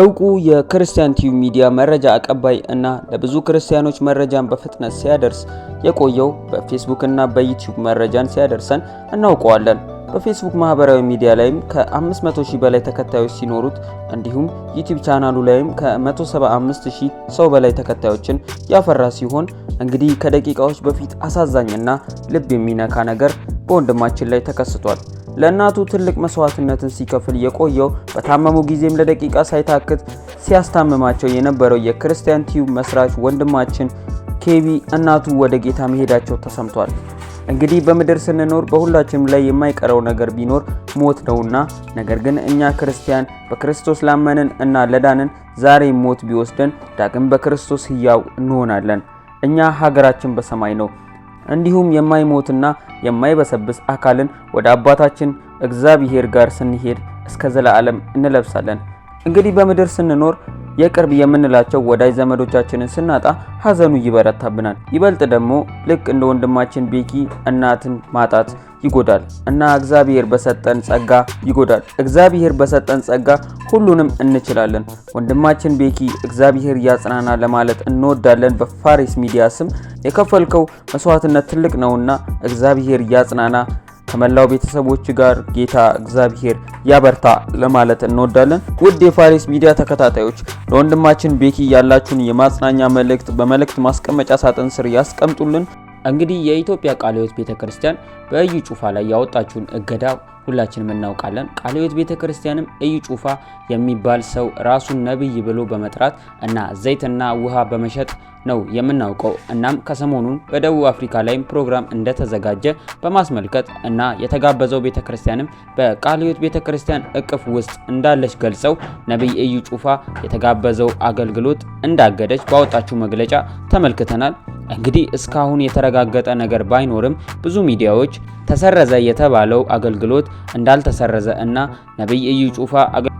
እውቁ የክርስቲያን ቲዩብ ሚዲያ መረጃ አቀባይ እና ለብዙ ክርስቲያኖች መረጃን በፍጥነት ሲያደርስ የቆየው በፌስቡክ እና በዩቲዩብ መረጃን ሲያደርሰን እናውቀዋለን። በፌስቡክ ማህበራዊ ሚዲያ ላይም ከ500 ሺህ በላይ ተከታዮች ሲኖሩት እንዲሁም ዩቲዩብ ቻናሉ ላይም ከ175 ሺህ ሰው በላይ ተከታዮችን ያፈራ ሲሆን እንግዲህ ከደቂቃዎች በፊት አሳዛኝና ልብ የሚነካ ነገር በወንድማችን ላይ ተከስቷል። ለእናቱ ትልቅ መስዋዕትነትን ሲከፍል የቆየው በታመሙ ጊዜም ለደቂቃ ሳይታክት ሲያስታምማቸው የነበረው የክርስቲያን ቲዩብ መስራች ወንድማችን ኬቢ እናቱ ወደ ጌታ መሄዳቸው ተሰምቷል። እንግዲህ በምድር ስንኖር በሁላችንም ላይ የማይቀረው ነገር ቢኖር ሞት ነውና፣ ነገር ግን እኛ ክርስቲያን በክርስቶስ ላመንን እና ለዳንን ዛሬ ሞት ቢወስደን ዳግም በክርስቶስ ሕያው እንሆናለን። እኛ ሀገራችን በሰማይ ነው። እንዲሁም የማይሞትና የማይበሰብስ አካልን ወደ አባታችን እግዚአብሔር ጋር ስንሄድ እስከ ዘላለም እንለብሳለን። እንግዲህ በምድር ስንኖር የቅርብ የምንላቸው ወዳጅ ዘመዶቻችንን ስናጣ ሀዘኑ ይበረታብናል። ይበልጥ ደግሞ ልክ እንደ ወንድማችን ቤኪ እናትን ማጣት ይጎዳል እና እግዚአብሔር በሰጠን ጸጋ ይጎዳል። እግዚአብሔር በሰጠን ጸጋ ሁሉንም እንችላለን። ወንድማችን ቤኪ እግዚአብሔር ያጽናና ለማለት እንወዳለን። በፋሪስ ሚዲያ ስም የከፈልከው መስዋዕትነት ትልቅ ነውና እግዚአብሔር ያጽናና ከመላው ቤተሰቦች ጋር ጌታ እግዚአብሔር ያበርታ ለማለት እንወዳለን። ውድ የፋሪስ ሚዲያ ተከታታዮች ለወንድማችን ቤኪ ያላችሁን የማጽናኛ መልእክት በመልእክት ማስቀመጫ ሳጥን ስር ያስቀምጡልን። እንግዲህ የኢትዮጵያ ቃለ ሕይወት ቤተ ክርስቲያን በእዩ ጩፋ ላይ ያወጣችውን እገዳ ሁላችንም እናውቃለን። ቃለ ሕይወት ቤተ ክርስቲያንም እዩ ጩፋ የሚባል ሰው ራሱን ነቢይ ብሎ በመጥራት እና ዘይትና ውሃ በመሸጥ ነው የምናውቀው። እናም ከሰሞኑን በደቡብ አፍሪካ ላይም ፕሮግራም እንደተዘጋጀ በማስመልከት እና የተጋበዘው ቤተ ክርስቲያንም በቃለ ሕይወት ቤተ ክርስቲያን እቅፍ ውስጥ እንዳለች ገልጸው ነቢይ እዩ ጩፋ የተጋበዘው አገልግሎት እንዳገደች ባወጣችው መግለጫ ተመልክተናል። እንግዲህ እስካሁን የተረጋገጠ ነገር ባይኖርም ብዙ ሚዲያዎች ተሰረዘ የተባለው አገልግሎት እንዳልተሰረዘ እና ነቢይ እዩ ጩፋ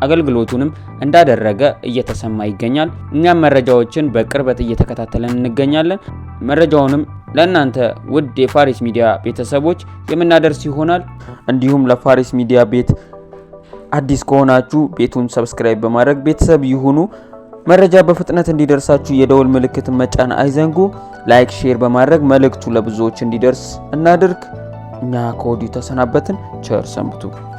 አገልግሎቱንም እንዳደረገ እየተሰማ ይገኛል። እኛም መረጃዎችን በቅርበት እየተከታተለን እንገኛለን። መረጃውንም ለእናንተ ውድ የፋሪስ ሚዲያ ቤተሰቦች የምናደርስ ይሆናል። እንዲሁም ለፋሪስ ሚዲያ ቤት አዲስ ከሆናችሁ ቤቱን ሰብስክራይብ በማድረግ ቤተሰብ ይሁኑ። መረጃ በፍጥነት እንዲደርሳችሁ የደውል ምልክት መጫን አይዘንጉ። ላይክ፣ ሼር በማድረግ መልእክቱ ለብዙዎች እንዲደርስ እናድርግ። እኛ ከወዲሁ ተሰናበትን። ቸር ሰንብቱ።